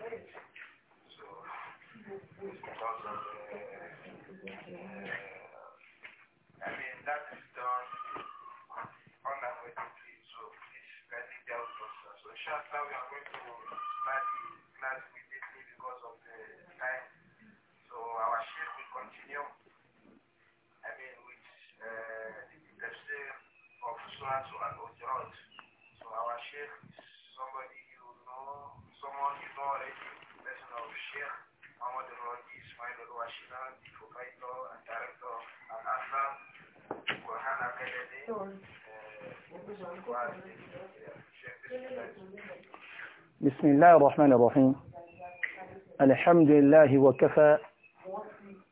credit. بسم الله الرحمن الرحيم الحمد لله وكفى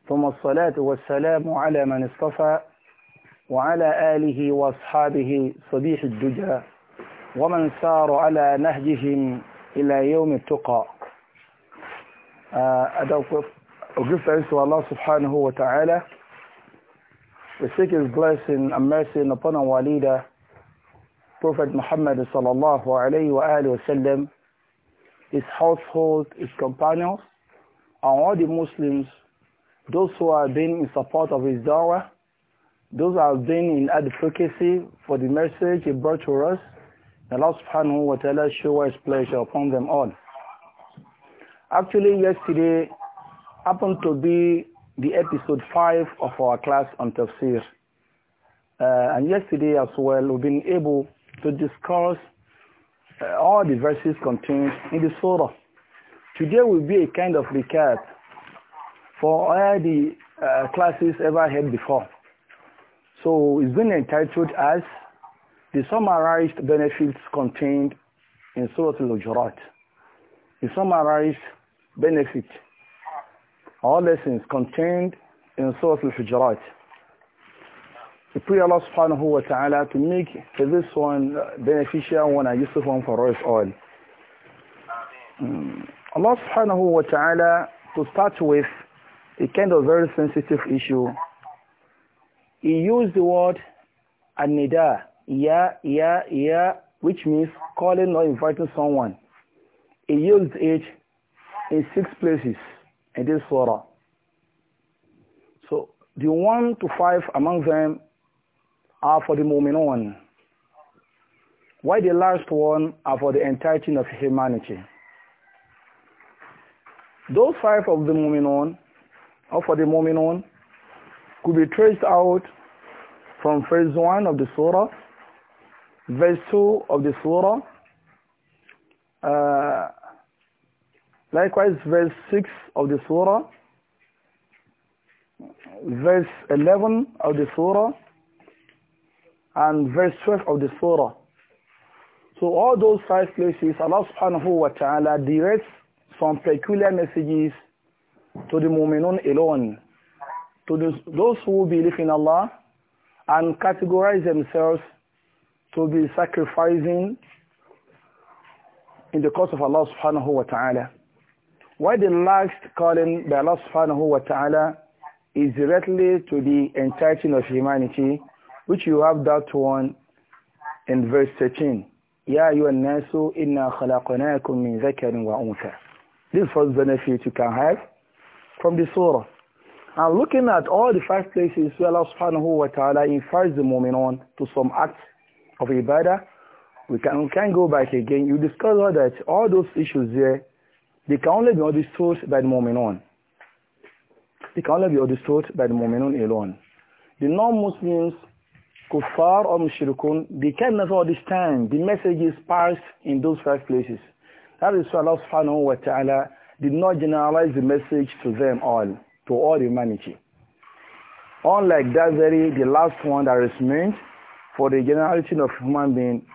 ثم الصلاة والسلام على من اصطفى وعلى آله وأصحابه صبيح الدجى ومن سار على نهجهم إلى يوم التقى أقف آه، أنسوا الله سبحانه وتعالى We seek His blessing and mercy upon our leader Prophet Muhammad sallallahu alayhi wa alayhi wa sallam, his household, his companions, and all the Muslims, those who have been in support of his da'wah, those who have been in advocacy for the message he brought to us, Allah subhanahu wa ta'ala show his pleasure upon them all. Actually, yesterday happened to be the episode 5 of our class on tafsir. Uh, and yesterday as well, we've been able to discuss uh, all the verses contained in the surah. Today will be a kind of recap for all the uh, classes ever had before. So it's been entitled as the summarized benefits contained in Surah al jurat The summarized benefit, all lessons contained in Surah al jurat we pray Allah subhanahu wa ta'ala to make this one beneficial one and useful one for us all. Mm. Allah subhanahu wa ta'ala to start with a kind of very sensitive issue. He used the word anida, ya, ya, ya, which means calling or inviting someone. He used it in six places in this surah. So the one to five among them are for the moment on. Why the last one are for the entirety of humanity. Those five of the moment on, or for the moment on, could be traced out from verse 1 of the surah, verse 2 of the surah, uh, likewise verse 6 of the surah, verse 11 of the surah, and verse 12 of the surah. So all those five places, Allah subhanahu wa ta'ala directs some peculiar messages to the mu'minun alone, to those who believe in Allah and categorize themselves to be sacrificing in the cause of Allah subhanahu wa ta'ala. Why the last calling by Allah subhanahu wa ta'ala is directly to the entirety of humanity which you have that one in verse 13. Ya ayyuhan nasu inna khalaqnakum min dhakarin wa untha. This first benefit you can have from the surah. And looking at all the five places where Allah subhanahu wa ta'ala infers the moment on to some act of ibadah, we can, we can go back again. You discover that all those issues there, they can only be understood by the moment on. They can only be understood by the moment on alone. The non-Muslims kuffar or mushrikun, they cannot understand The message is passed in those five places. That is why Allah subhanahu wa ta'ala did not generalize the message to them all, to all humanity. Unlike that very, the last one that is meant for the generality of human being,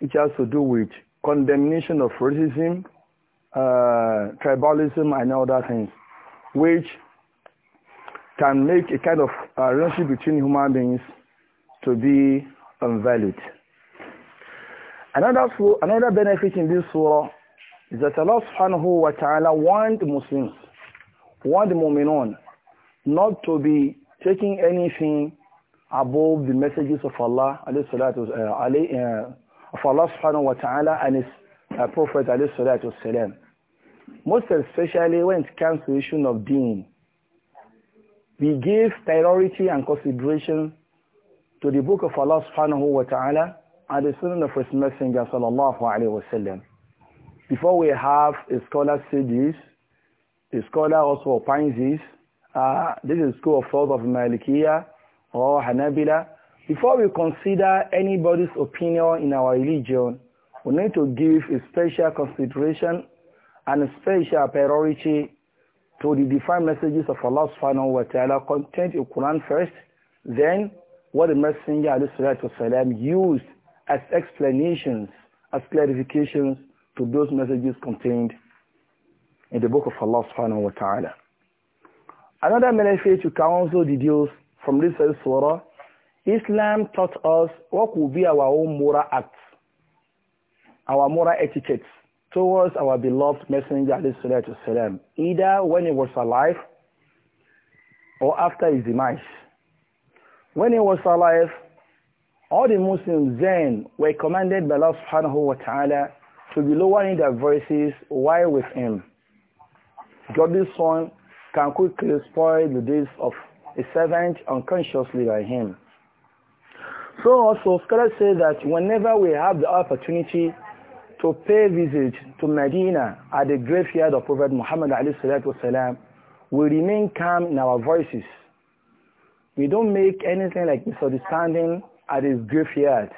it has to do with condemnation of racism, uh, tribalism, and other things, which can make a kind of uh, relationship between human beings to be unvalued. Another, another benefit in this surah is that Allah subhanahu wa ta'ala warned Muslims, warned Mu'minun, not to be taking anything above the messages of Allah, alayhi salatu, uh, uh, of Allah subhanahu wa ta'ala and his uh, Prophet alayhi salatu wasalam. Most especially when it comes to the issue of deen. We give priority and consideration to the book of Allah subhanahu wa ta'ala and the sunnah of his messenger sallallahu alayhi wasallam. Before we have a scholar say this, a scholar also opines this, uh, this is school of thought of Malikiya or Hanabila. Before we consider anybody's opinion in our religion, we need to give a special consideration and a special priority to the divine messages of Allah subhanahu wa ta'ala content in Quran first, then what the Messenger والسلام, used as explanations, as clarifications to those messages contained in the book of Allah subhanahu wa ta'ala. Another benefit you can also deduce from this surah, Islam taught us what will be our own moral acts, our moral etiquettes towards our beloved Messenger والسلام, either when he was alive or after his demise. When he was alive, all the Muslims then were commanded by Allah subhanahu wa ta'ala to be lowering their voices while with him. Godly son can quickly spoil the days of a servant unconsciously by him. So also scholars say that whenever we have the opportunity to pay visit to Medina at the graveyard of Prophet Muhammad والسلام, we remain calm in our voices we don't make anything like misunderstanding at his graveyard.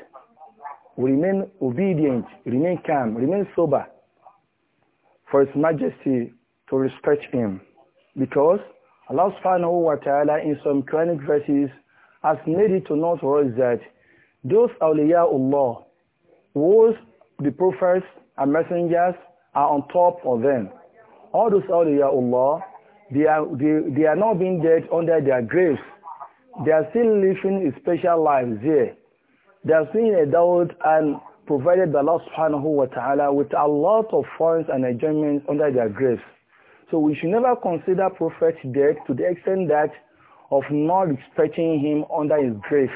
We remain obedient, remain calm, remain sober for his majesty to respect him. Because Allah subhanahu wa ta'ala in some Quranic verses has made it to know to us that those awliyaullah, those the prophets and messengers are on top of them. All those awliyaullah, they are, they, they are not being dead under their graves. They are still living a special life there. They are still adult and provided by Allah subhanahu wa ta'ala with a lot of funds and enjoyments under their grace. So we should never consider prophet dead to the extent that of not respecting him under his grave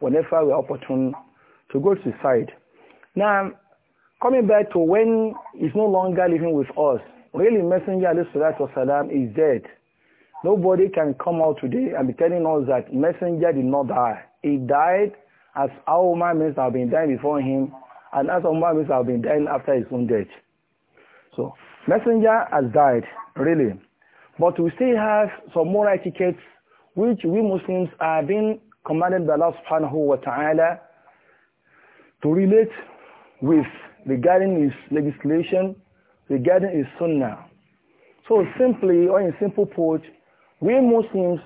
whenever we are opportune to go to his side. Now, coming back to when he's no longer living with us, really Messenger والسلام, is dead. Nobody can come out today and be telling us that messenger did not die. He died as our man means have been dying before him, and as our man means have been dying after his own death. So messenger has died, really. But we still have some more etiquettes which we Muslims are being commanded by Allah subhanahu wa ta'ala to relate with regarding his legislation, regarding his sunnah. So simply or in simple put, we Muslims,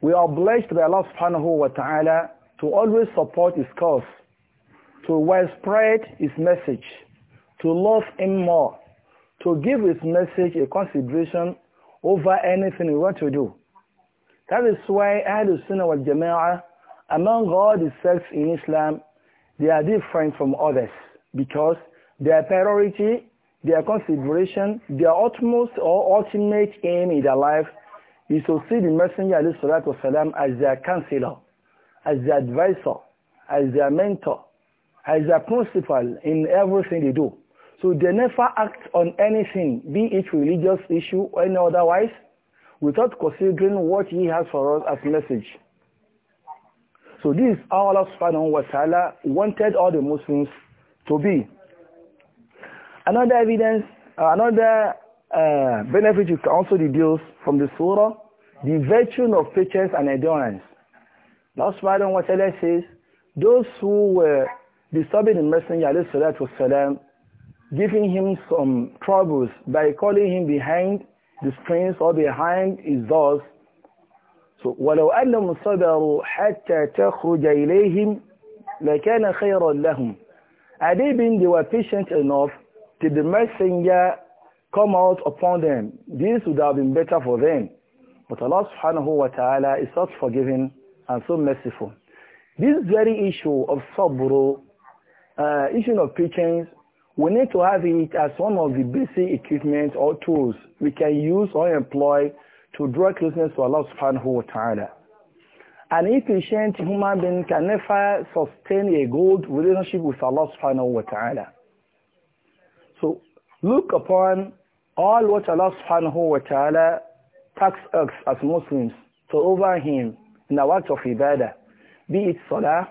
we are blessed by Allah subhanahu wa ta'ala to always support his cause, to widespread his message, to love him more, to give his message a consideration over anything we want to do. That is why Ahlul Sunnah wal Jama'ah, among all the sects in Islam, they are different from others because their priority, their consideration, their utmost or ultimate aim in their life You shall see the Messenger alayhi salatu wasalam as their counselor, as their advisor, as their mentor, as their principal in everything they do. So they never act on anything, be it religious issue or any otherwise, without considering what he has for us as message. So this is how Allah subhanahu wa ta'ala wanted all the Muslims to be. Another evidence, uh, another Uh, benefit you can also deduce from the surah, the virtue of patience and endurance. Allah subhanahu wa ta'ala says, those who were disturbing the messenger alayhi giving him some troubles by calling him behind the strings or behind his doors. So, وَلَوْ أَنَّهُمْ صَبَرُوا حَتَّى تَخْرُجَ إِلَيْهِمْ لَكَانَ خَيْرًا لَهُمْ Had they been, they were patient enough till the messenger come out upon them. This would have been better for them. But Allah subhanahu wa ta'ala is such forgiving and so merciful. This very issue of sabr, uh, issue of patience, we need to have it as one of the basic equipment or tools we can use or employ to draw closeness to Allah subhanahu wa ta'ala. An efficient human being can never sustain a good relationship with Allah subhanahu wa ta'ala. So look upon All what Allah subhanahu wa ta'ala tax us as Muslims to over him in the act of ibadah, be it salah,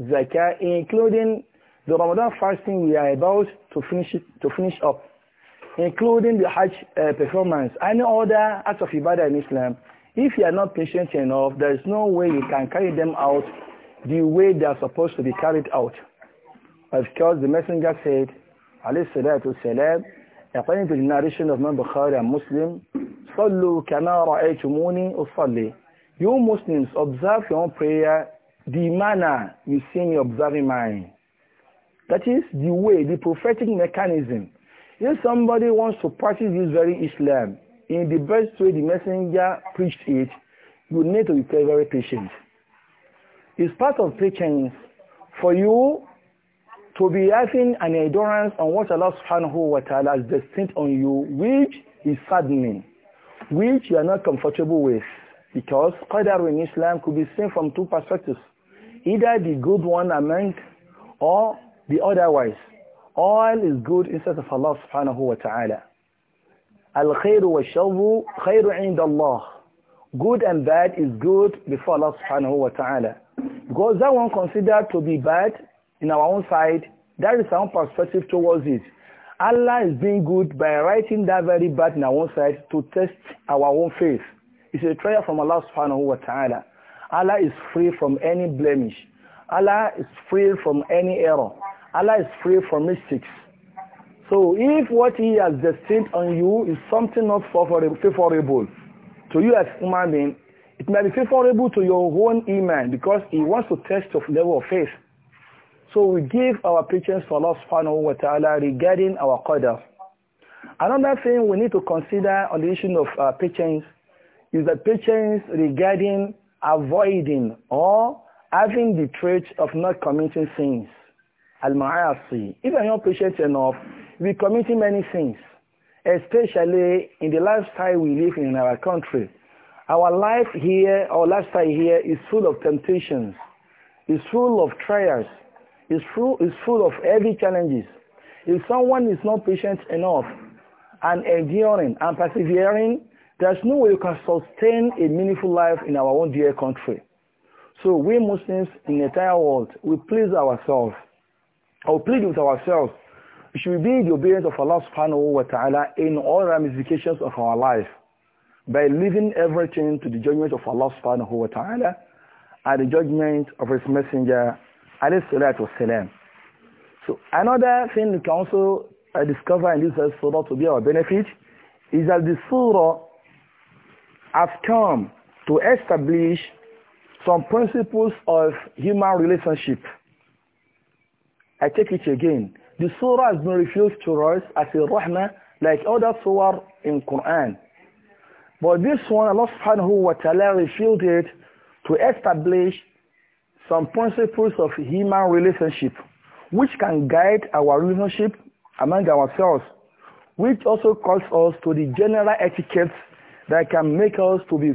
zakah, including the Ramadan fasting we are about to finish, to finish up, including the Hajj uh, performance, any other acts of ibadah in Islam, if you are not patient enough, there is no way you can carry them out the way they are supposed to be carried out. Of course, the messenger said, alayhi salatu salam, According to the narration of Imam Bukhari and Muslim, Sallu kama ra'aytumuni usalli. You Muslims observe your own prayer the manner you see me observing mine. That is the way, the prophetic mechanism. If somebody wants to practice this very Islam in the best way the messenger preached it, you need to be very patient. It's part of patience for you to be having an endurance on what Allah subhanahu wa ta'ala has destined on you, which is saddening, which you are not comfortable with. Because Qadar in Islam could be seen from two perspectives. Either the good one among or the otherwise. All is good instead of Allah subhanahu wa ta'ala. Al-khayru wa sharru khayru inda Allah. Good and bad is good before Allah subhanahu wa ta'ala. Because that one considered to be bad in our own side, that is our own perspective towards it. Allah is being good by writing that very bad in our own side to test our own faith. It's a trial from Allah subhanahu wa ta'ala. Allah is free from any blemish. Allah is free from any error. Allah is free from mistakes. So if what he has destined on you is something not favorable to you as human being, it may be favorable to your own iman because he wants to test your level of faith. So we give our patience for Allah subhanahu wa ta'ala regarding our qadr. Another thing we need to consider on the issue of uh, patience is the patience regarding avoiding or having the trait of not committing sins. Al-Ma'asi. If you're not patient enough, we commit committing many sins, especially in the lifestyle we live in, in our country. Our life here, our lifestyle here is full of temptations. It's full of trials is full, is full of heavy challenges. If someone is not patient enough and enduring and persevering, there's no way you can sustain a meaningful life in our own dear country. So we Muslims in the entire world, we please ourselves, or plead with ourselves, we should be the obedience of Allah subhanahu wa ta'ala in all ramifications of our life by leaving everything to the judgment of Allah subhanahu wa ta'ala and the judgment of His Messenger alayhi salatu wasalam. So another thing you can also uh, discover in this surah to be our benefit is that the surah has come to establish some principles of human relationship. I take it again. The surah has been revealed to us as a rahmah like other surah in Quran. But this one, Allah subhanahu wa ta'ala revealed it to establish some principles of human relationship which can guide our relationship among ourselves, which also calls us to the general etiquette that can make us to be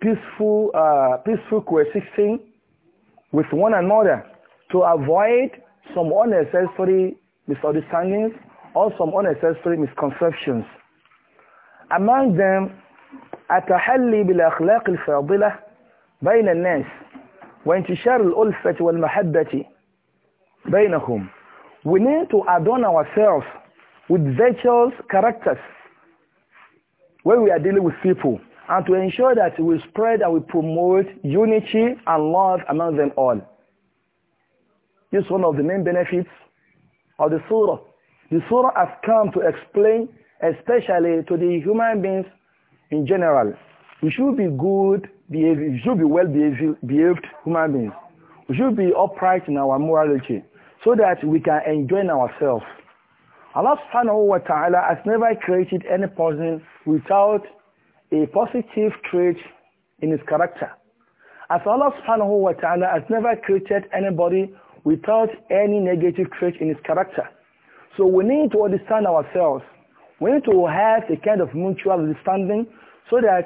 peaceful, uh, peaceful coexisting with one another to avoid some unnecessary misunderstandings or some unnecessary misconceptions. Among them, أتحلي بالأخلاق الفاضلة بين الناس وانتشار الألفة والمحبة بينهم we need to adorn ourselves with virtuous characters when we are dealing with people and to ensure that we spread and we promote unity and love among them all. This is one of the main benefits of the surah. The surah has come to explain, especially to the human beings in general. We should be good we should be well behaved human beings. We should be upright in our morality so that we can enjoy ourselves. Allah subhanahu wa ta'ala has never created any person without a positive trait in his character. As Allah subhanahu wa ta'ala has never created anybody without any negative trait in his character. So we need to understand ourselves. We need to have a kind of mutual understanding so that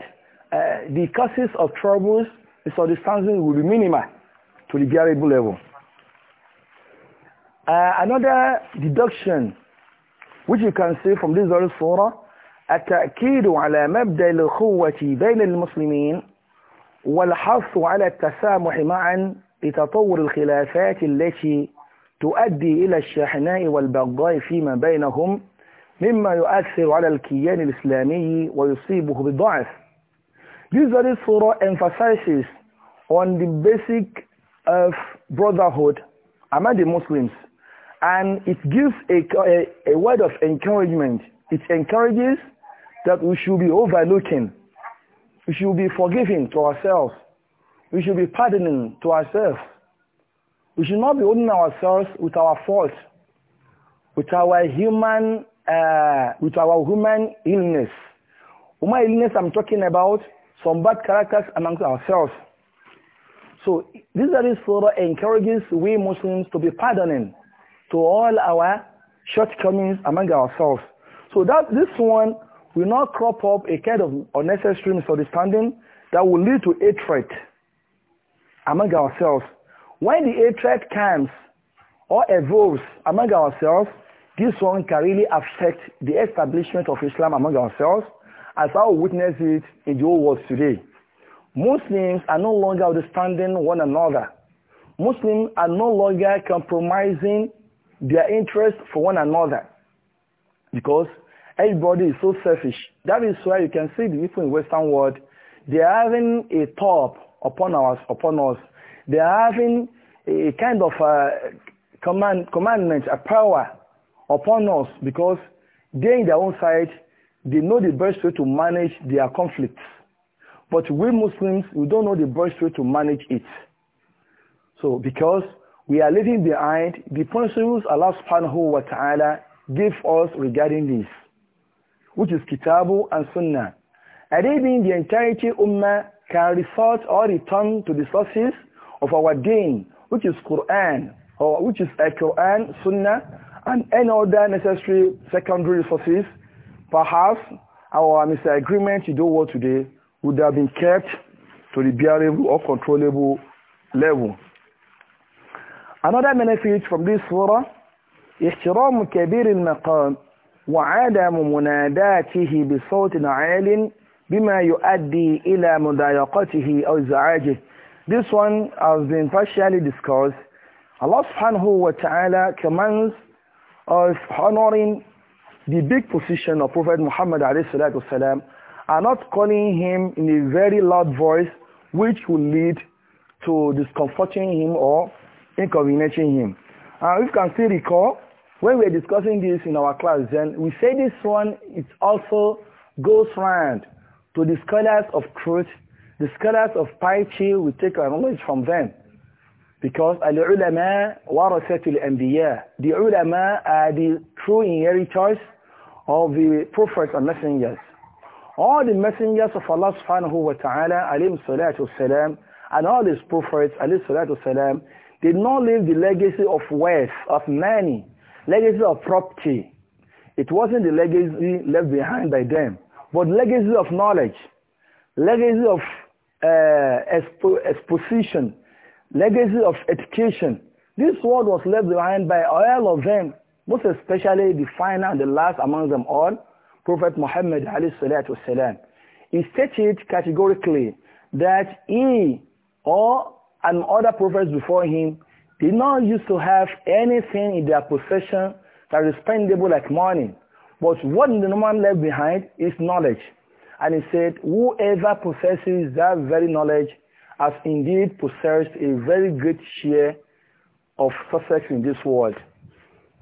uh, the causes of troubles, circumstances will be minimal to the variable level. Uh, another deduction which you can see from this very surah التأكيد على مبدأ الخوة بين المسلمين والحرص على التسامح معا لتطور الخلافات التي تؤدي إلى الشحناء والبغضاء فيما بينهم مما يؤثر على الكيان الإسلامي ويصيبه بالضعف This very surah emphasizes on the basic of uh, brotherhood among the Muslims and it gives a, a, a word of encouragement. It encourages that we should be overlooking. We should be forgiving to ourselves. We should be pardoning to ourselves. We should not be holding ourselves with our faults, with our human, uh, with our human illness. Human illness I'm talking about some bad characters amongst ourselves. So this very surah encourages we Muslims to be pardoning to all our shortcomings among ourselves. So that this one will not crop up a kind of unnecessary misunderstanding that will lead to hatred among ourselves. When the hatred comes or evolves among ourselves, this one can really affect the establishment of Islam among ourselves as I witness it in the old world today. Muslims are no longer understanding one another. Muslims are no longer compromising their interests for one another because everybody is so selfish. That is why you can see the people in Western world, they are having a top upon us, upon us. They are having a kind of a uh, command, commandment, a power upon us because they in their own side, they know the best way to manage their conflicts. But we Muslims, we don't know the best way to manage it. So because we are leaving behind the principles Allah subhanahu wa ta'ala gave us regarding this, which is Kitabu and Sunnah. And even the entirety Ummah can resort or return to the sources of our deen, which is Quran, or which is Quran, Sunnah, and any other necessary secondary sources Perhaps our misagreement in the what today would have been kept to the bearable or controllable level. Another benefit from this surah احترام كبير المقام وعدم مناداته بصوت عال بما يؤدي إلى مضايقته أو زعاجه This one has been partially discussed. Allah subhanahu wa ta'ala commands of honoring the big position of Prophet Muhammad والسلام, are not calling him in a very loud voice which will lead to discomforting him or inconveniencing him. Uh, if you can still recall, when we were discussing this in our class then, we say this one, it also goes round to the scholars of truth, the scholars of piety, we take our knowledge from them. Because al-ulama warasatul anbiya. The ulama are the true inheritors all the prophets and messengers. All the messengers of Allah subhanahu wa ta'ala, alayhi salatu salam, and all these prophets, alayhi salatu salam, did not leave the legacy of wealth, of money, legacy of property. It wasn't the legacy left behind by them, but legacy of knowledge, legacy of uh, expo exposition, legacy of education. This world was left behind by all of them most especially the final and the last among them all, Prophet Muhammad والسلام, he stated categorically that he or and other prophets before him did not used to have anything in their possession that is spendable like money. But what the man left behind is knowledge. And he said, whoever possesses that very knowledge has indeed possessed a very great share of success in this world.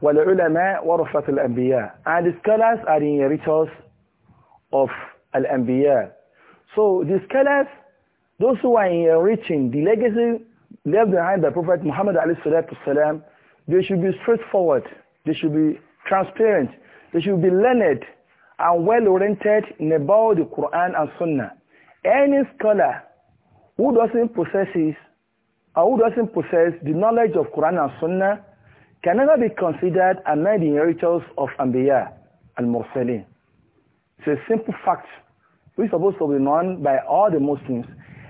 والعلماء ورثة الأنبياء and the scholars are the inheritors of al-anbiya so the scholars those who are enriching the legacy left behind by Prophet Muhammad والسلام, they should be straightforward, they should be transparent, they should be learned and well-oriented in about the Quran and Sunnah. Any scholar who doesn't possess or who doesn't possess the knowledge of Quran and Sunnah can never be considered among the inheritors of Anbiya and Mursaleen. It's a simple fact which is supposed to be known by all the Muslims.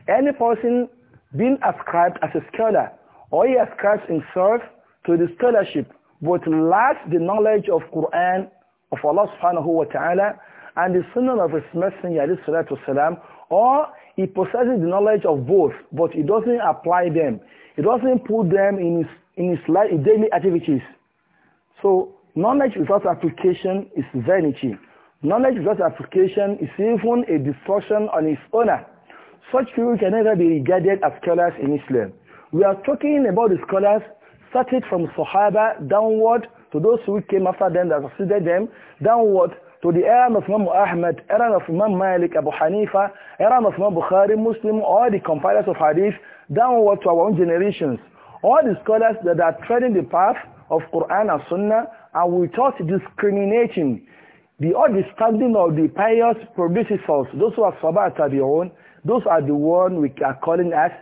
Any person being ascribed as a scholar or he ascribes himself to the scholarship but lacks the knowledge of Quran of Allah subhanahu wa ta'ala and the sunnah of his messenger alayhi or he possesses the knowledge of both but he doesn't apply them. He doesn't put them in his in his life, his daily activities. So knowledge without application is vanity. Knowledge without application is even a destruction on its owner. Such people can never be regarded as scholars in Islam. We are talking about the scholars started from Sahaba downward to those who came after them that succeeded them, downward to the era of Imam Ahmad, era of Imam Malik, Abu Hanifa, era of Imam Bukhari, Muslim, all the compilers of hadith, downward to our own generations all the scholars that are treading the path of Quran and Sunnah and without discriminating the understanding of the pious predecessors, those who are Sabah Tabi'un, those are the ones we are calling as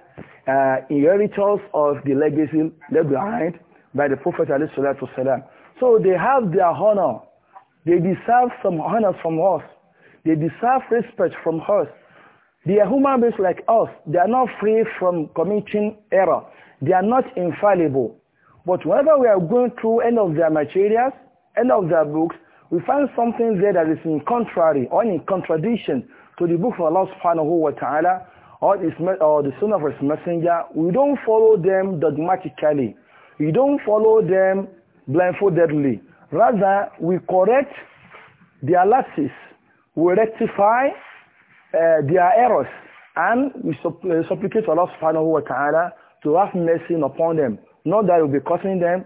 uh, inheritors of the legacy left behind by the Prophet ﷺ. So they have their honor. They deserve some honor from us. They deserve respect from us. They are human beings like us. They are not free from committing error. They are not infallible. But whenever we are going through any of their materials, any of their books, we find something there that is in contrary or in contradiction to the book of Allah subhanahu wa ta'ala or, or the Son of his messenger. We don't follow them dogmatically. We don't follow them blindfoldedly. Rather, we correct their lapses, we rectify uh, their errors, and we uh, supplicate Allah subhanahu wa ta'ala to have mercy upon them. Not that we'll be cursing them,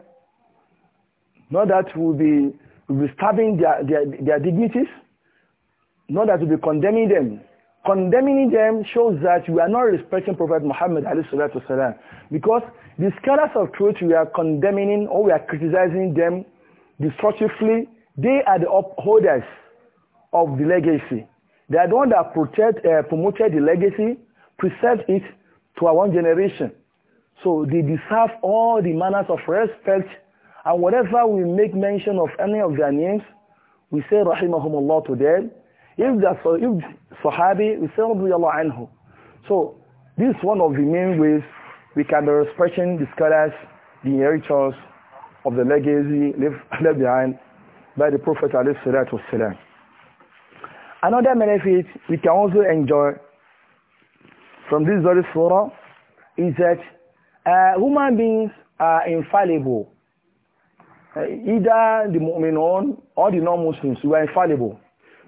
not that we'll be, will be stabbing their, their, their dignities, not that we'll be condemning them. Condemning them shows that we are not respecting Prophet Muhammad والسلام, because the scholars of truth we are condemning or we are criticizing them destructively, they are the upholders of the legacy. They are the ones that protect, uh, promoted the legacy, preserved it to our one generation. So they deserve all the manners of respect. And whenever we make mention of any of their names, we say rahimahumullah to them. If that's Sahabi, we say radiyallahu anhu. So this is one of the main ways we can be respecting the scholars, the inheritors of the legacy left, left behind by the Prophet alayhi salatu Another benefit we can also enjoy from this very surah is that uh, human beings are infallible. Uh, either the Mu'minun or the non-Muslims, we are infallible.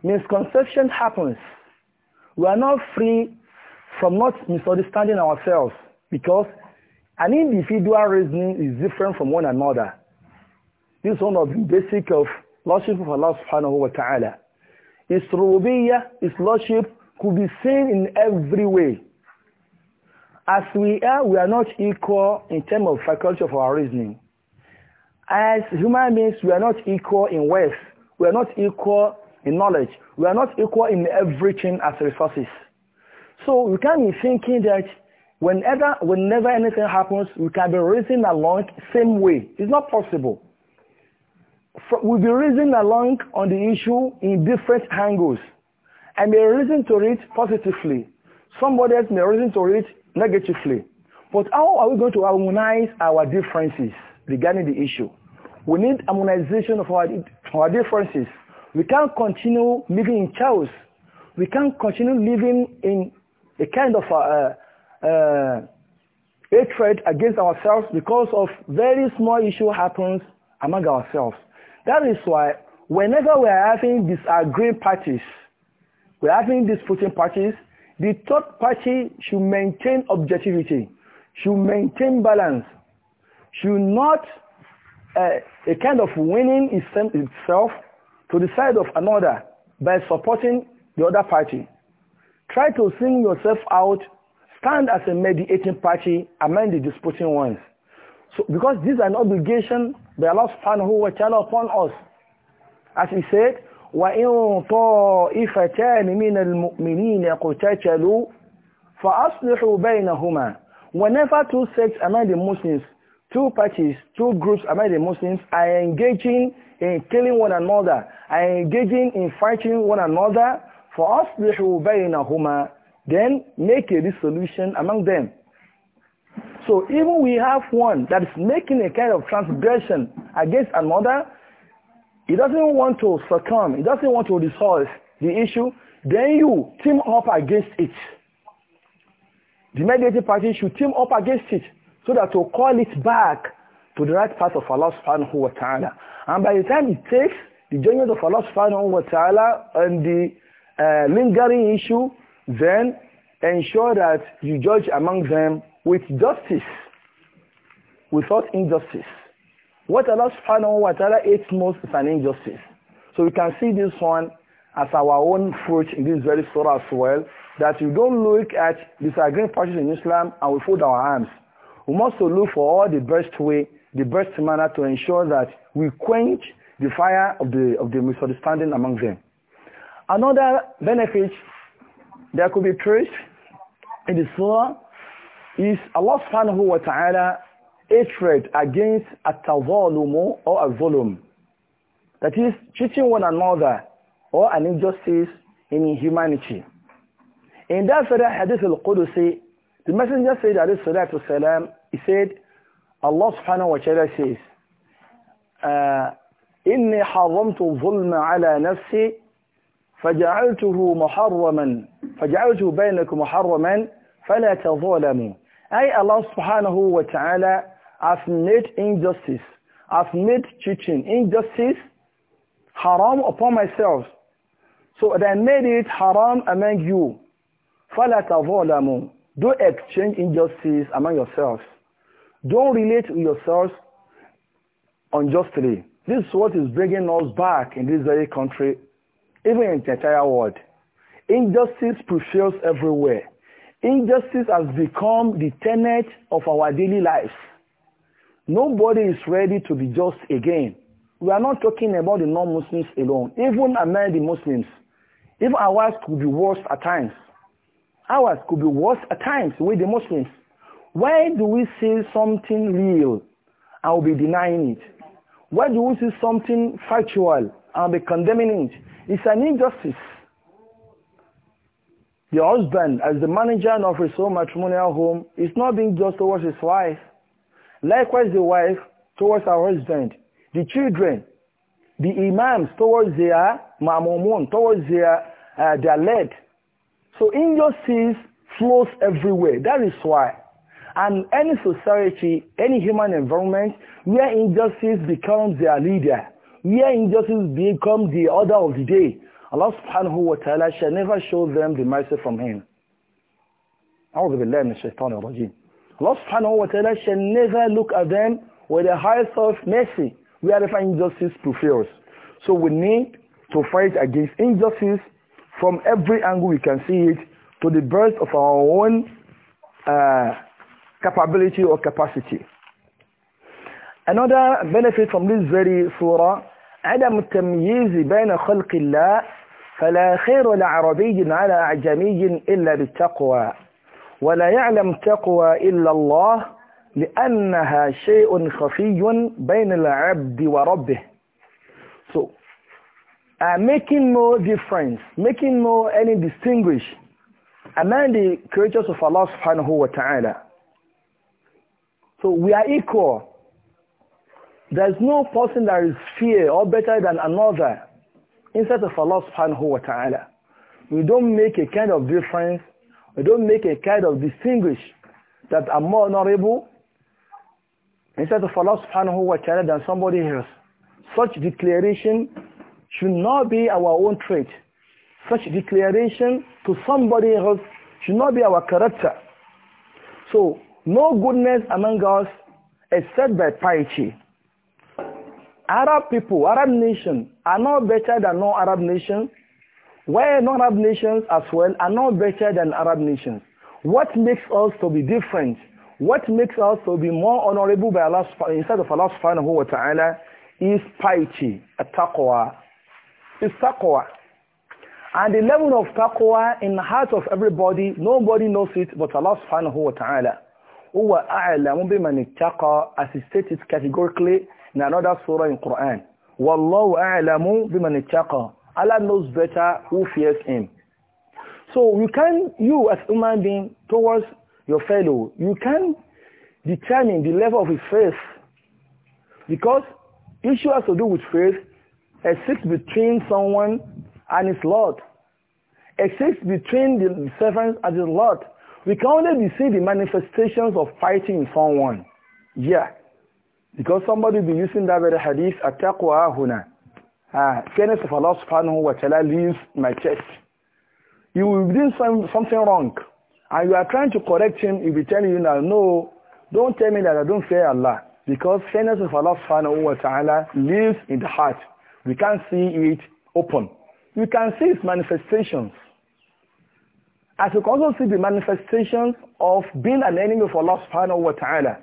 Misconception happens. We are not free from not misunderstanding ourselves because an individual reasoning is different from one another. This is one of the basic of lordship of Allah subhanahu wa ta'ala. His rububiyyah, his lordship could be seen in every way. As we are, we are not equal in terms of faculty of our reasoning. As human beings, we are not equal in wealth. We are not equal in knowledge. We are not equal in everything as resources. So we can be thinking that whenever, whenever anything happens, we can be reasoning along same way. It's not possible. We'll be reasoning along on the issue in different angles. I may reason to it positively. Somebody else may reason to it negatively. But how are we going to harmonize our differences regarding the issue? We need harmonization of our, our differences. We can't continue living in chaos. We can't continue living in a kind of uh, uh, uh hatred against ourselves because of very small issue happens among ourselves. That is why whenever we are having disagreeing parties, we are having disputing parties, the third party should maintain objectivity, should maintain balance, should not uh, a kind of winning itself to the side of another by supporting the other party. Try to sing yourself out, stand as a mediating party among the disputing ones. So, because this is an obligation by Allah subhanahu wa ta'ala upon us. As he said, وإن طائفتان من المؤمنين اقتتلوا فأصلحوا بينهما Whenever two sects among the Muslims, two parties, two groups among the Muslims are engaging in killing one another, are engaging in fighting one another, فأصلحوا بينهما, then make a resolution among them. So even we have one that is making a kind of transgression against another, he doesn't want to succumb, he doesn't want to resolve the issue, then you team up against it. The mediating party should team up against it so that to call it back to the right path of Allah subhanahu wa ta'ala. And by the time it takes the judgment of Allah subhanahu wa ta'ala and the uh, lingering issue, then ensure that you judge among them with justice, without injustice. What Allah subhanahu wa ta'ala hates most is an injustice. So we can see this one as our own fruit in this very surah as well, that you don't look at disagreeing parties in Islam and we fold our arms. We must look for all the best way, the best manner to ensure that we quench the fire of the, of the misunderstanding among them. Another benefit that could be traced in the surah is Allah subhanahu wa ta'ala hatred against a atavolumu or a volume. That is, cheating one another or an injustice in humanity. In that very hadith al-Qudusi, the messenger said, alayhi salatu salam, he said, Allah subhanahu wa ta'ala says, إِنِّي حَرَّمْتُ ظُلْمَ عَلَى نَفْسِي فَجَعَلْتُهُ مُحَرَّمًا فَجَعَلْتُهُ بَيْنَكُمْ مُحَرَّمًا فَلَا تَظَلَمُوا أي Allah subhanahu wa ta'ala As made injustice, as made cheating, injustice, haram upon myself. So that I made it haram among you. فَلَا تَظَلَمُوا Don't exchange injustice among yourselves. Don't relate with yourselves unjustly. This is what is bringing us back in this very country, even in the entire world. Injustice prevails everywhere. Injustice has become the tenet of our daily lives. Nobody is ready to be just again. We are not talking about the non-Muslims alone. Even among the Muslims, even ours could be worse at times. Ours could be worse at times with the Muslims. Why do we see something real and will be denying it? Why do we see something factual and be condemning it? It's an injustice. The husband, as the manager of his own matrimonial home, is not being just towards his wife. Likewise, the wife towards her husband, the children, the imams towards their ma'mumun, towards their, uh, their lead. So injustice flows everywhere. That is why. And any society, any human environment, where injustice becomes their leader, where injustice becomes the order of the day, Allah subhanahu wa ta'ala shall never show them the mercy from him. أعوذ بالله من الشيطان الرجيم Allah subhanahu wa ta'ala shall never look at them with a high of mercy where if injustice prevails. So we need to fight against injustice from every angle we can see it to the best of our own uh, capability or capacity. Another benefit from this very surah, عدم التمييز بين خلق الله فلا خير لعربي على أعجمي إلا بالتقوى ولا يعلم تقوى إلا الله لأنها شيء خفي بين العبد وربه so uh, making no difference making no any distinguish among the creatures of Allah subhanahu wa ta'ala so we are equal there's no person that is fear or better than another instead of Allah subhanahu wa ta'ala we don't make a kind of difference we don't make a kind of distinguish that I'm more honorable instead of Allah subhanahu wa ta'ala than somebody else. Such declaration should not be our own trait. Such declaration to somebody else should not be our character. So, no goodness among us except by piety. Arab people, Arab nation are not better than no Arab nation Why non-Arab nations as well are not better than Arab nations. What makes us to be different? What makes us to be more honorable by Allah, instead of Allah subhanahu wa ta'ala is piety, a taqwa. It's taqwa. And the level of taqwa in the heart of everybody, nobody knows it but Allah subhanahu wa ta'ala. هو أعلم بمن اتقى as he stated categorically in another surah in Quran. Wallahu أعلم بمن اتقى Allah knows better who fears him. So you can, you as human being towards your fellow, you can determine the level of his faith because issue has to do with faith exists between someone and his Lord. Exists between the servants and his Lord. We can only see the manifestations of fighting in someone. Yeah. Because somebody will be using that very hadith, at-taqwa huna. Ah, fairness of Allah subhanahu wa ta'ala leaves my chest. You will be doing some, something wrong. And you are trying to correct him, he'll be telling you now, no, don't tell me that I don't fear Allah. Because fairness of Allah subhanahu wa ta'ala lives in the heart. We can't see it open. We can see its manifestations. As you can also see the manifestations of being an enemy of Allah subhanahu wa ta'ala.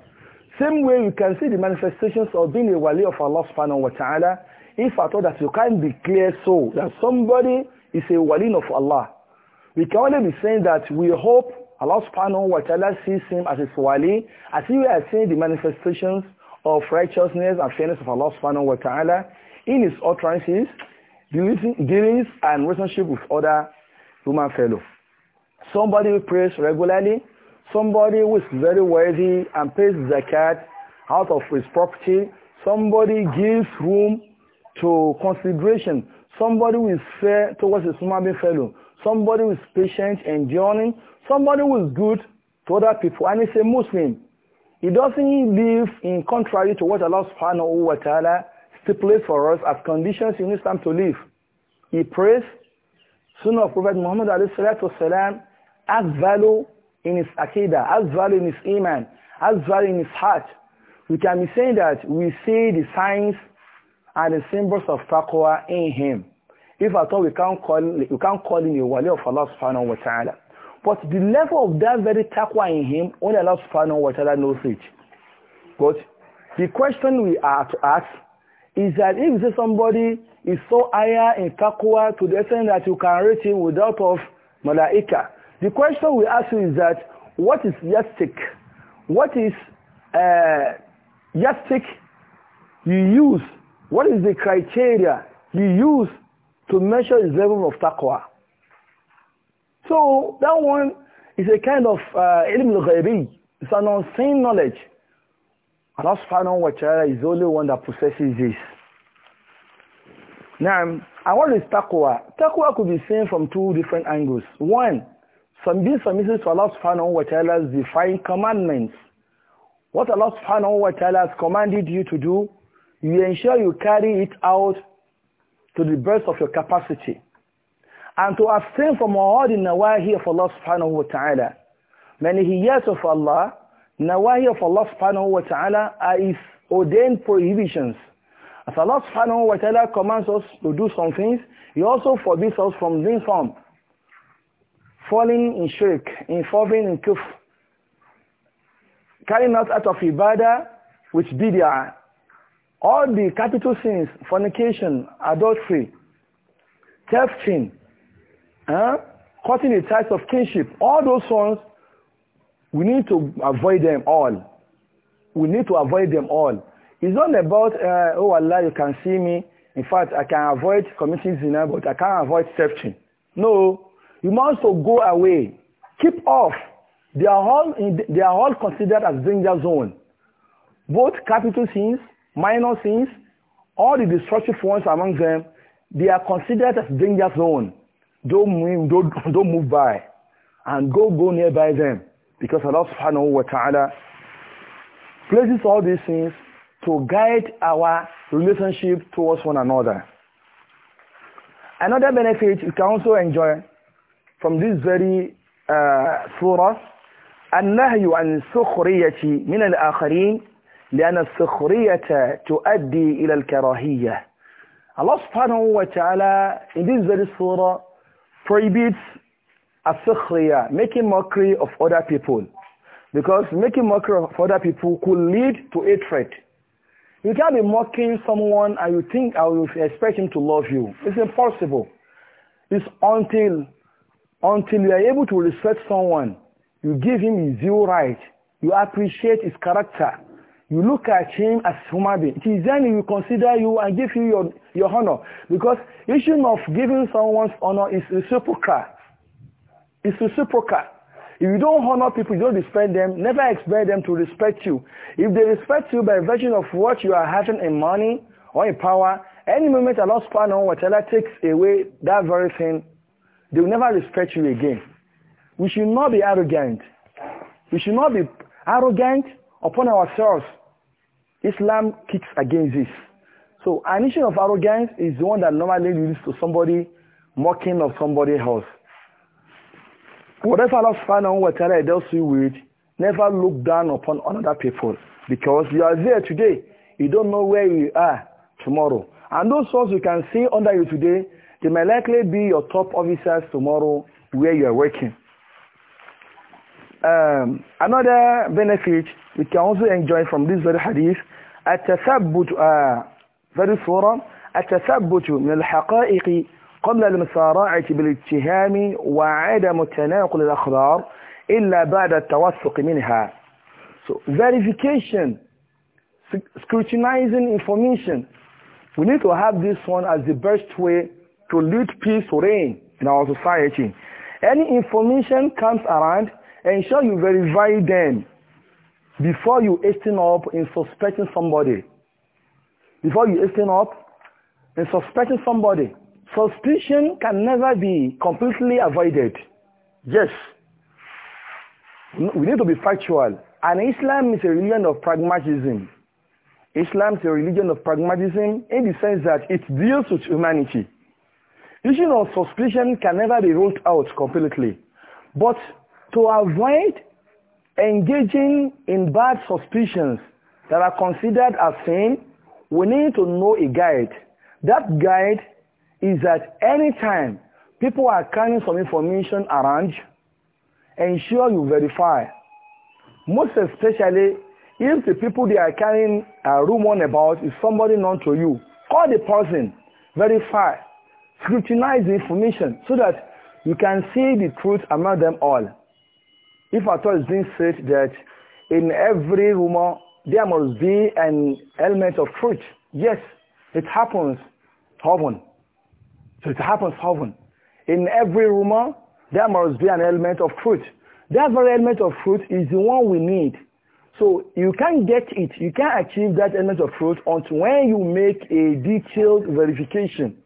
Same way you can see the manifestations of being a wali of Allah subhanahu wa ta'ala if at all that you can't declare so, that somebody is a wali of Allah, we can only be saying that we hope Allah subhanahu wa ta'ala sees him as his wali, as he has seen the manifestations of righteousness and fairness of Allah subhanahu wa ta'ala in his utterances, dealings and relationship with other human fellow. Somebody who prays regularly, somebody who is very worthy and pays zakat out of his property, somebody gives room to consideration. Somebody who is fair towards his human being fellow. Somebody who is patient, enduring. Somebody who is good to other people. And he's a Muslim. He doesn't live in contrary to what Allah subhanahu wa ta'ala stipulates for us as conditions in Islam to live. He prays. Sunnah of Prophet Muhammad alayhi salatu wasalam has value in his akidah, has value in his iman, has value in his heart. We can be saying that we see the signs And the symbols of taqwa in him. If at all we can't call, we can't call him a wali of Allah subhanahu wa ta'ala. But the level of that very taqwa in him, only Allah subhanahu wa ta'ala knows it. But the question we are to ask is that if say somebody is so higher in taqwa to the extent that you can reach him without of malaika, the question we ask you is that what is yastik? What is uh, yastik you use What is the criteria he used to measure his level of taqwa? So that one is a kind of uh, ilm uh, al It's an unseen knowledge. Allah subhanahu wa ta'ala is the only one that possesses this. Now, want what is taqwa? Taqwa could be seen from two different angles. One, some being submissive to Allah subhanahu wa ta'ala's divine commandments. What Allah subhanahu wa ta'ala has commanded you to do, you ensure you carry it out to the best of your capacity. And to abstain from all the nawahi of Allah subhanahu wa ta'ala. Manihiyat of Allah, nawahi of Allah subhanahu wa ta'ala are his ordained prohibitions. As Allah subhanahu wa ta'ala commands us to do some things, he also forbids us from doing some. Falling in shirk, involving in kufr, carrying out out of ibadah with bid'ah, all the capital sins fornication adultery thefting huh? cutting the ties of kinship all those ones we need to avoid them all we need to avoid them all it's not about uh, oh Allah you can see me in fact I can avoid committing zina but I can't avoid thefting no you must go away keep off they are all in, they are all considered as danger zone both capital sins minor sins, all the destructive ones among them, they are considered as danger zone. Don't move, don't, don't move by and go go nearby them because Allah subhanahu wa ta'ala places all these things to guide our relationship towards one another. Another benefit you can also enjoy from this very uh, surah, النهي عن سخرية من الآخرين لأن السخرية تؤدي إلى الكراهية Allah subhanahu wa ta'ala in this very surah prohibits asikhriya, making mockery of other people. Because making mockery of other people could lead to hatred. You can't be mocking someone and you think I will expect him to love you. It's impossible. It's until, until you are able to respect someone, you give him his due right, you appreciate his character, You look at him as human being. It is then he will consider you and give you your, your honor. Because issue of giving someone's honor is reciprocal. It's reciprocal. If you don't honor people, you don't respect them, never expect them to respect you. If they respect you by virtue of what you are having in money or in power, any moment Allah subhanahu wa ta'ala takes away that very thing, they will never respect you again. We should not be arrogant. We should not be arrogant upon ourselves. Islam kicks against this. So an issue of arrogance is the one that normally leads to somebody mocking of somebody else. Whatever Allah subhanahu wa ta'ala deals you with, never look down upon another people because you are there today. You don't know where you are tomorrow. And those ones you can see under you today, they may likely be your top officers tomorrow where you are working. Um, another benefit we can also enjoy from this very hadith, التثبت uh, very surah, التثبت من الحقائق قبل المسارعة بالاتهام وعدم تناقل الأخبار إلا بعد التوثق منها. So verification, scrutinizing information. We need to have this one as the best way to lead peace to reign in our society. Any information comes around, Ensure you verify them before you hasten up in suspecting somebody. Before you hasten up in suspecting somebody. Suspicion can never be completely avoided. Yes. We need to be factual. And Islam is a religion of pragmatism. Islam is a religion of pragmatism in the sense that it deals with humanity. Issue of suspicion can never be ruled out completely. But to avoid engaging in bad suspicions that are considered as sin, we need to know a guide. That guide is that anytime people are carrying some information around, ensure you verify. Most especially if the people they are carrying a rumor about is somebody known to you, call the person, verify, scrutinize the information so that you can see the truth among them all if at all it's being said that in every rumor there must be an element of truth, yes, it happens often. So it happens often. In every rumor, there must be an element of truth. That very element of truth is the one we need. So you can't get it, you can't achieve that element of truth until when you make a detailed verification.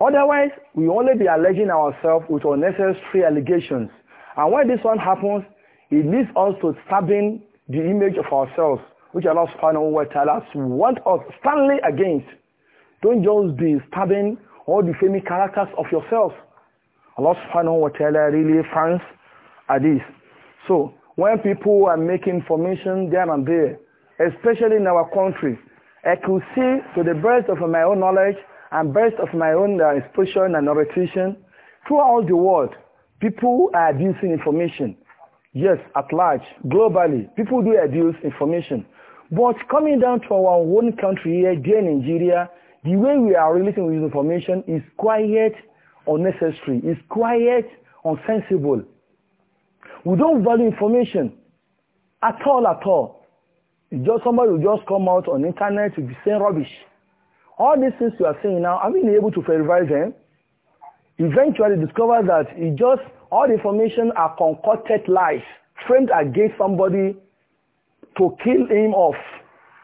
Otherwise, we only be alleging ourselves with unnecessary allegations. And when this one happens, it leads us to stabbing the image of ourselves, which Allah subhanahu wa ta'ala wants us sternly against. Don't just be stabbing all the famous characters of yourself. Allah subhanahu wa ta'ala really fans at this. So when people are making formation there and there, especially in our country, I could see to the best of my own knowledge and best of my own uh, and orientation throughout the world People are abusing information. Yes, at large, globally, people do abuse information. But coming down to our own country here, dear Nigeria, the way we are relating with information is quite unnecessary, is quite unsensible. We don't value information at all, at all. It's just somebody will just come out on internet to be saying rubbish. All these things you are saying now, are we able to verify them? eventually discover that it just, all the information are concocted lies framed against somebody to kill him off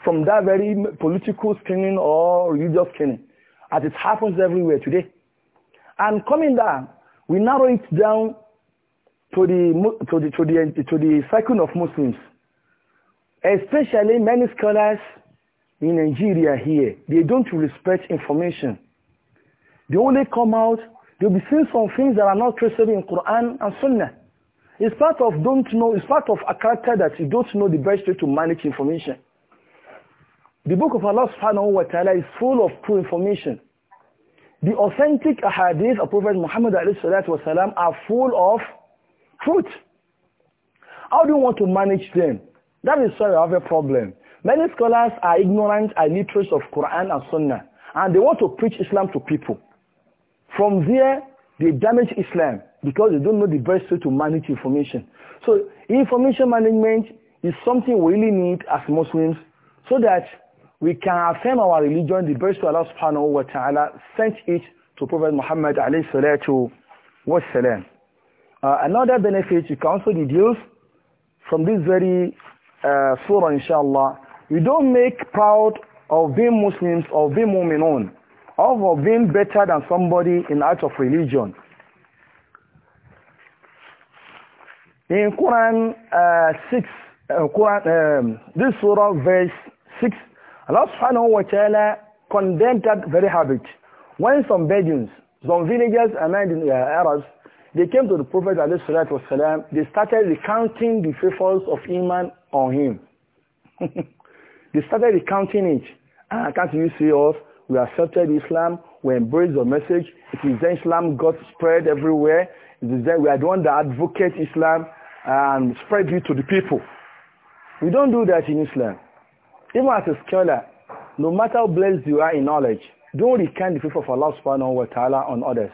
from that very political screening or religious screening. As it happens everywhere today. And coming down, we narrow it down to the, to the, to the, to the cycle of Muslims. Especially many scholars in Nigeria here, they don't respect information. They only come out you will be seeing some things that are not traceable in Quran and Sunnah. It's part of don't know, it's part of a character that you don't know the best way to manage information. The book of Allah subhanahu wa ta'ala is full of true information. The authentic ahadith of Prophet Muhammad wasalam, are full of truth. How do you want to manage them? That is why you have a problem. Many scholars are ignorant and literate of Quran and Sunnah, and they want to preach Islam to people. From there, they damage Islam because they don't know the best way to manage information. So information management is something we really need as Muslims so that we can affirm our religion the best way Allah subhanahu wa ta'ala sent it to Prophet Muhammad alayhi salatu wa salam. Uh, another benefit you can also deduce from this very uh, surah inshallah, we don't make proud of being Muslims or being mu'minun of being better than somebody in out of religion. In Quran uh, 6, uh, Quran, um, this surah verse 6, Allah subhanahu wa ta'ala condemned that very habit. When some Bedouins, some villagers among the uh, Arabs, they came to the Prophet والسلام, they started recounting the favors of Iman on him. they started recounting it. Ah, can't you see us? we accepted Islam, we embraced the message. It is then Islam got spread everywhere. It is then we are the one that advocate Islam and spread it to the people. We don't do that in Islam. Even as a scholar, no matter how blessed you are in knowledge, don't recant the favor of Allah subhanahu wa ta'ala on others.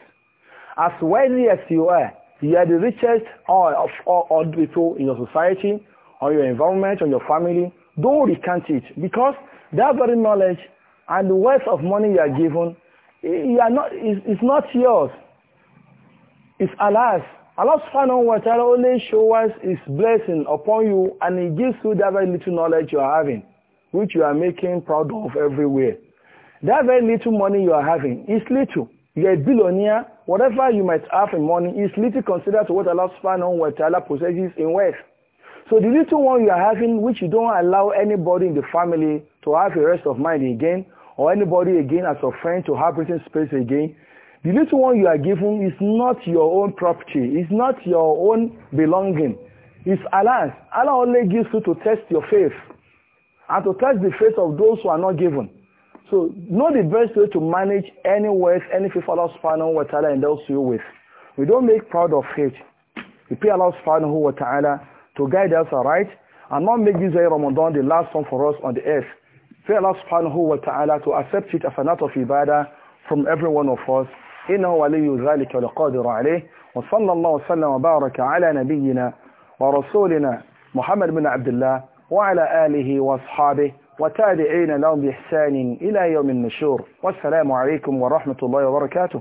As wealthy as you are, you are the richest of all odd people in your society, on your environment, on your family. Don't recant it because that very knowledge and the wealth of money you are given, eh, you are not, it's, it's not yours. It's Allah's. Allah's subhanahu wa only showers his blessing upon you and he gives you that very little knowledge you are having, which you are making proud of everywhere. That very little money you are having is little. You're a billionaire. Whatever you might have in money is little considered to what Allah's subhanahu wa possesses in wealth. So the little one you are having, which you don't allow anybody in the family to have a rest of mind again, or anybody again as a friend to have breathing space again, the little one you are given is not your own property. It's not your own belonging. It's Allah's. Allah only gives you to test your faith and to test the faith of those who are not given. So know the best way to manage any wealth, any faith Allah subhanahu wa ta'ala endows you with. We don't make proud of faith. We pray Allah subhanahu wa ta'ala to guide us aright and not make this year Ramadan the last one for us on the earth. Pray Allah subhanahu wa ta'ala to accept it as an act of ibadah from every one of us. إنه ولي ذلك والقادر عليه وصلى الله وسلم وبارك على نبينا ورسولنا محمد بن عبد الله وعلى آله وأصحابه وتابعين لهم بإحسان إلى يوم النشور والسلام عليكم ورحمة الله وبركاته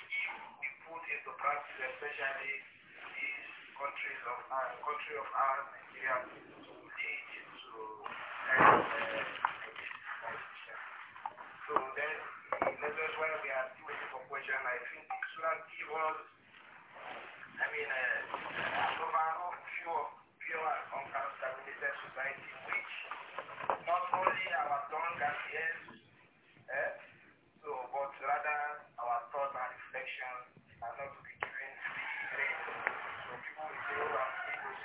practice, especially these countries of ours, uh, country of ours, Nigeria, to lead to uh, So then, that is why we are still waiting for question. I think Islam gives us, I mean, uh, overall view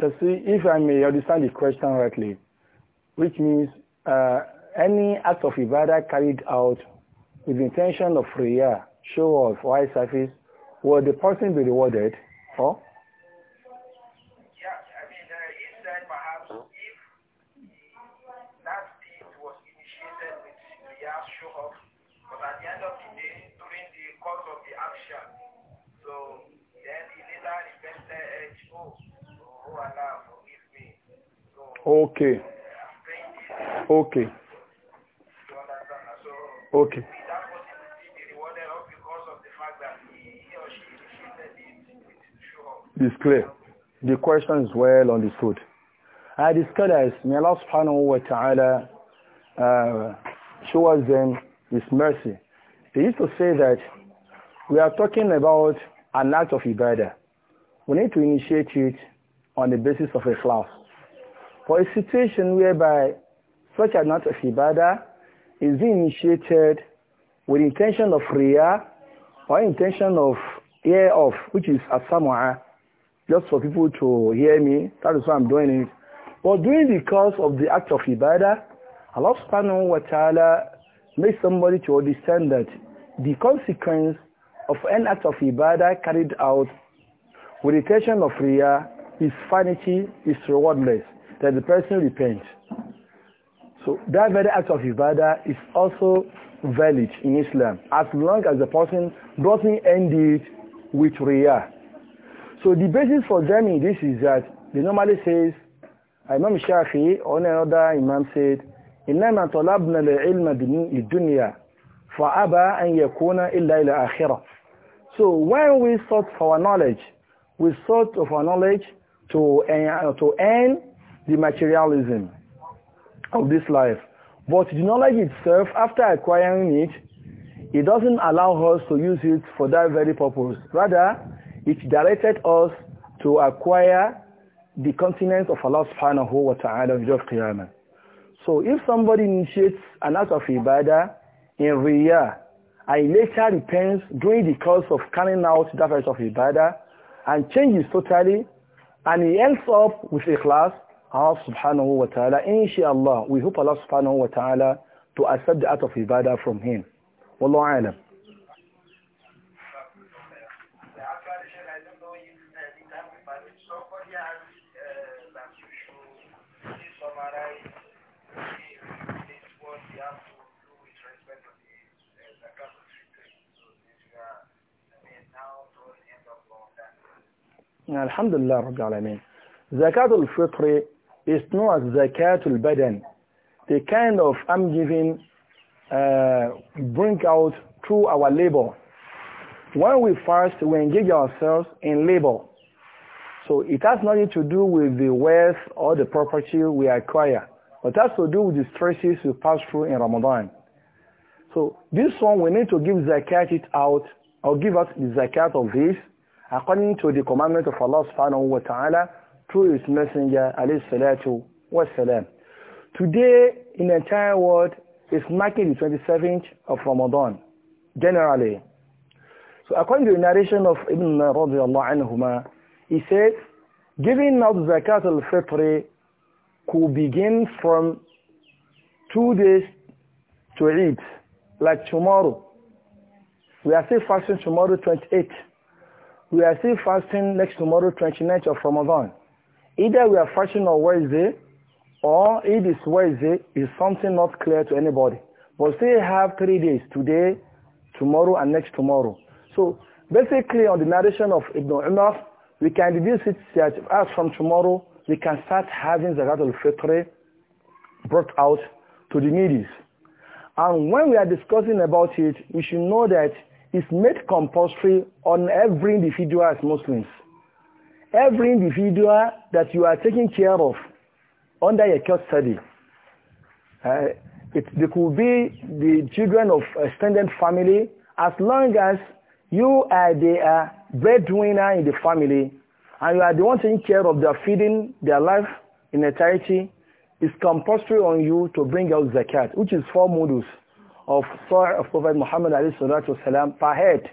To see, if I may understand the question rightly, which means uh, any act of ibadah carried out with the intention of prayer, show off, or eye surface, will the person be rewarded? Or? Okay. Okay. Okay. It's clear. The question is well understood. I discussed, may Allah subhanahu wa ta'ala uh, show us then his mercy. He used to say that we are talking about an act of ibadah. We need to initiate it on the basis of a class. for a situation whereby such an act of ibadah is initiated with intention of riyah or intention of hear of which is asamu'a, just for people to hear me, that is why I'm doing it. But during the course of the act of ibadah, Allah subhanahu wa ta'ala makes somebody to understand that the consequence of an act of ibadah carried out with intention of riyah is vanity, is rewardless that the person repents. So that very act of ibadah is also valid in Islam as long as the person doesn't end it with riyah. So the basis for them in this is that they normally says, Imam Shafi or another Imam said, إنما طلبنا العلم بالدنيا فأبى أن يكون إلا إلى آخرة. So when we sought for our knowledge, we sought for our knowledge to, uh, to end." the materialism of this life. But the knowledge itself, after acquiring it, it doesn't allow us to use it for that very purpose. Rather, it directed us to acquire the continent of Allah subhanahu wa ta'ala on of Qiyamah. So if somebody initiates an act of ibadah in Riyah and later repents during the course of carrying out that act of ibadah and changes totally and he ends up with a class, Allah subhanahu wa ta'ala, inshallah, we hope Allah subhanahu wa ta'ala to accept the act of ibadah from him. Wallahu alam. Alhamdulillah, Rabbil Alameen. Zakatul Fitri is known as zakatul badan, the kind of I'm giving uh, bring out through our labor. When we fast, we engage ourselves in labor. So it has nothing to do with the wealth or the property we acquire, but has to do with the stresses we pass through in Ramadan. So this one we need to give zakat it out or give us the zakat of this according to the commandment of Allah subhanahu wa ta'ala through his messenger, alayhi salatu wasalam. Today, in the entire world, is marking the 27th of Ramadan, generally. So according to the narration of Ibn radiallahu anhuma, he said, giving out zakat al-fitr could begin from two days to Eid, like tomorrow. We are still fasting tomorrow 28. We are still fasting next tomorrow 29th of Ramadan. Either we are fasting on Wednesday or it is Wednesday is something not clear to anybody. But still have three days, today, tomorrow, and next tomorrow. So basically on the narration of Ibn Umar, we can deduce it that as from tomorrow, we can start having Zakat al-Fitr brought out to the needy. And when we are discussing about it, we should know that it's made compulsory on every individual as Muslims every individual that you are taking care of under your custody, uh, it, they could be the children of extended family, as long as you are the uh, breadwinner in the family, and you are the one taking care of their feeding, their life in entirety, it's compulsory on you to bring out zakat, which is four modules of Surah of Prophet Muhammad والسلام, per head.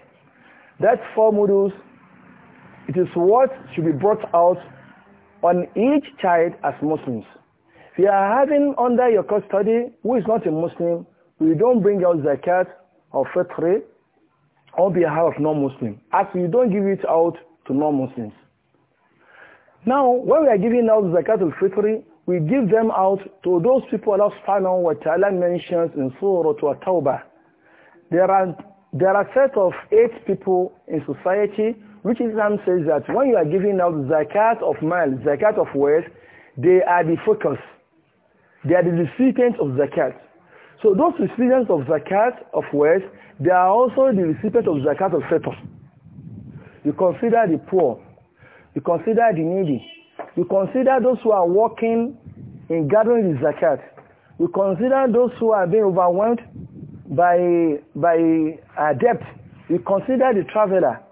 That four modules. It is what should be brought out on each child as Muslims. If you are having under your custody who is not a Muslim, we don't bring out zakat or fitr on behalf of non-Muslim, as you don't give it out to non-Muslims. Now, when we are giving out zakat al-fitr, we give them out to those people Allah subhanahu wa ta'ala mentions in Surah At-Tawbah. There are, there are a set of eight people in society which Islam says that when you are giving out zakat of mal, zakat of wealth, they are the focus. They are the recipients of zakat. So those recipients of zakat of wealth, they are also the recipients of zakat of fitr. You consider the poor. You consider the needy. You consider those who are working in gathering the zakat. You consider those who are being overwhelmed by, by uh, debt. You consider the traveler.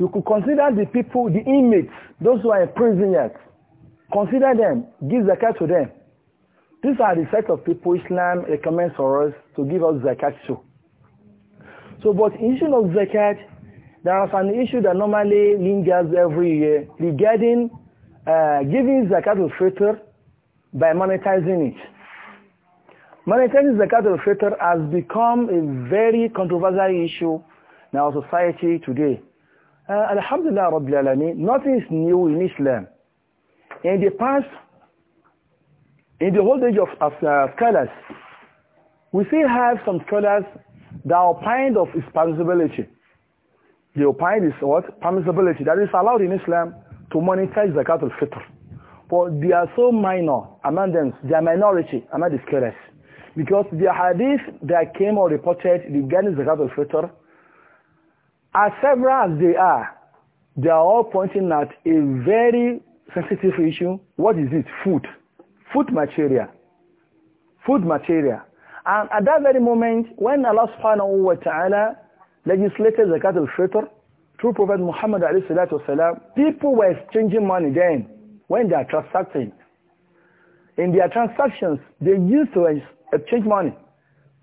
You could consider the people, the inmates, those who are in prison yet. Consider them. Give zakat to them. These are the set of people Islam recommends for us to give us zakat to. So, but issue of zakat, there is an issue that normally lingers every year regarding uh, giving zakat to fitr by monetizing it. Monetizing zakat to fitr has become a very controversial issue in our society today. Uh, Alhamdulillah Rabbil Alameen, nothing is new in Islam. In the past, in the whole age of, of uh, scholars, we still have some scholars that opine of its They opined is what? Permissibility. That is allowed in Islam to monetize zakat al-fitr. But they are so minor among them. They are minority among the scholars. Because the hadith that came or reported regarding zakat al-fitr As several as they are, they are all pointing at a very sensitive issue. What is it? Food. Food material. Food material. And at that very moment, when Allah subhanahu wa ta'ala legislated Zakat al-Fitr through Prophet Muhammad alayhi wasalam, people were exchanging money then when they are transacting. In their transactions, they used to exchange money.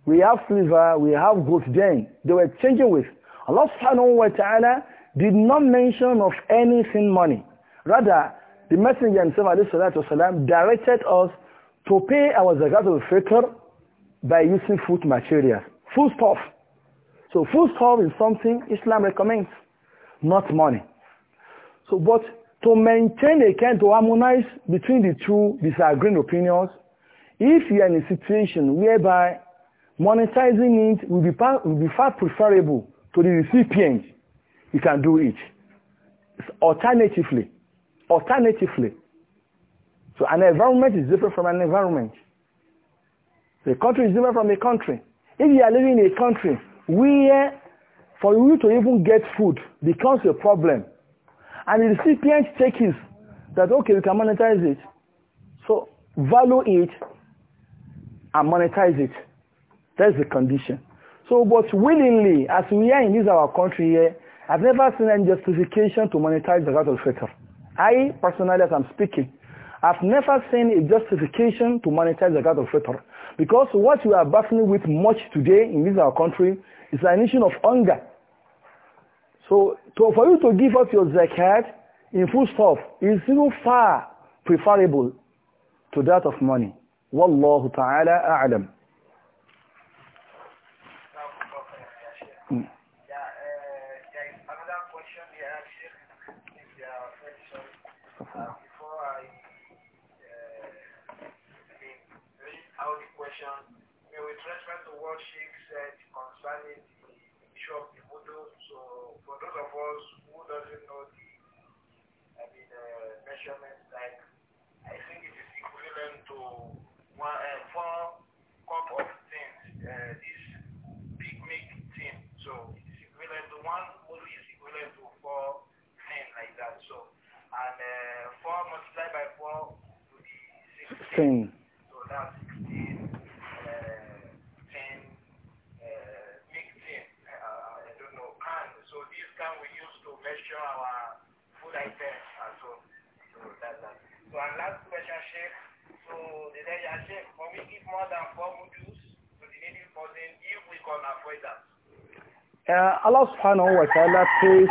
We have silver, we have gold then. They were exchanging with. Allah subhanahu wa ta'ala did not mention of anything money. Rather, the messenger himself والسلام, directed us to pay our zakat al-fitr by using food materials, food stuff. So food stuff is something Islam recommends, not money. So but to maintain a kind to harmonize between the two disagreeing opinions, if you are in a situation whereby monetizing it will be, will be far preferable to the recipient, you can do it. Alternatively, alternatively. So an environment is different from an environment. The country is different from a country. If you are living in a country where for you to even get food becomes a problem, and the recipient takes that okay, we can monetize it. So value it and monetize it. That's the condition. So, but willingly, as we are in this our country here, I've never seen any justification to monetize the God of fitr I, personally, as I'm speaking, I've never seen a justification to monetize the God of fitr Because what we are battling with much today in this our country is an issue of hunger. So, to, for you to give up your zakat in full stop is so far preferable to that of money. Wallahu ta'ala a'lam. concerning the issue of the model. So for those of us who doesn't know the, I mean, uh, measurements, like I think it is equivalent to one uh, four cup of things. Uh, this picnic thing. So it is equivalent to one model is equivalent to four things like that. So and uh, four multiplied by four to the sixteen. Uh, Allah subhanahu wa ta'ala pays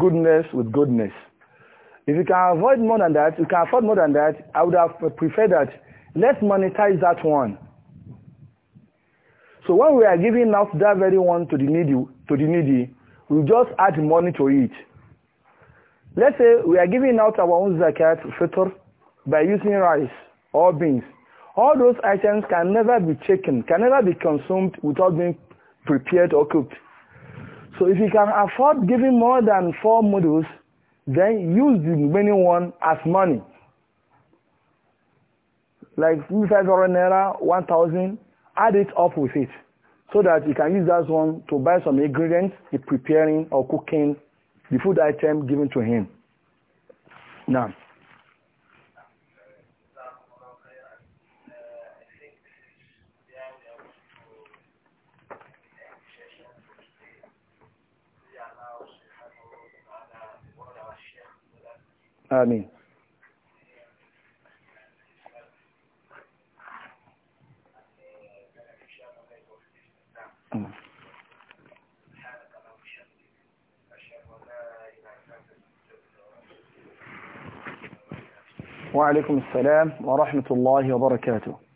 goodness with goodness. If you can avoid more than that, you can afford more than that, I would have preferred that. Let's monetize that one. So when we are giving out that very one to the needy, to the needy, we just add money to it. Let's say we are giving out our own zakat fitr by using rice or beans. All those items can never be taken, can never be consumed without being prepared or cooked. So if you can afford giving more than four models, then use the remaining one as money. Like 500 naira, 1000, add it up with it so that you can use that one to buy some ingredients in preparing or cooking the food item given to him. Now, آمين وعليكم السلام ورحمة الله وبركاته